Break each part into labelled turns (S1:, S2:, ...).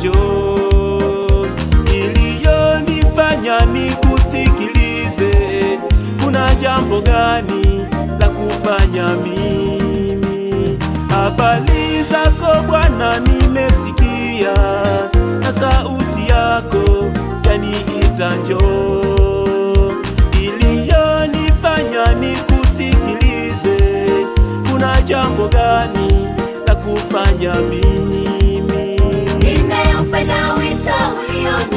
S1: Job iliyonifanya nikusikilize. Kuna jambo gani la kufanya mimi? Habari zako Bwana nimesikia, na sauti yako yaniita njoo, iliyonifanya jambo gani la kufanya mimi? now we totally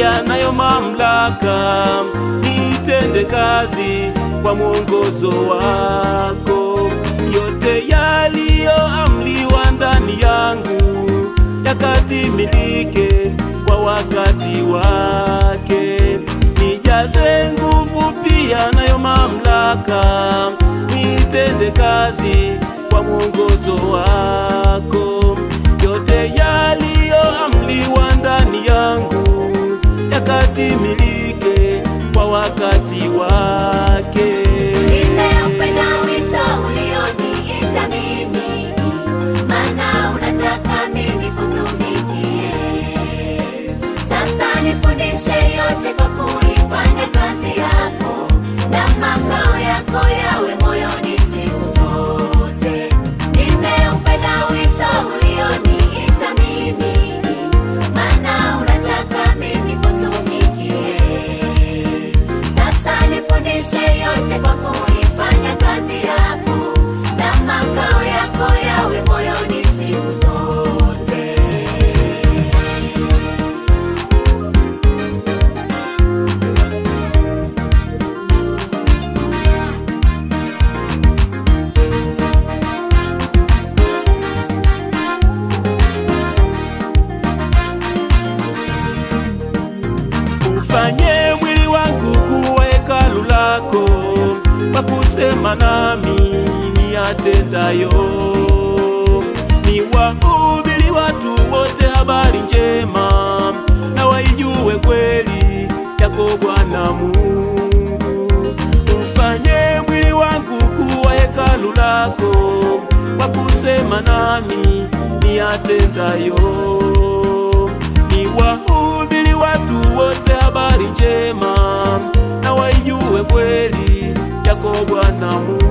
S1: yanayo mamlaka, itende kazi kwa mwongozo wako. Yote yaliyoamriwa ndani yangu yakatimilike kwa wakati wake. Nijaze nguvu pia nayo mamlaka, itende kazi kwa mwongozo wako. utimilike kwa wakati wake. Nifanye mwili wangu kuwa hekalu lako, kwa kusema nami niyatendayo. Niwahubiri watu wote habari njema, na waijue kweli yako Bwana Mungu. Ufanye mwili wangu kuwa hekalu lako, kwa kusema nami niyatendayo. Niwahubiri watu wote habari njema na waijue kweli yako Bwana Mungu.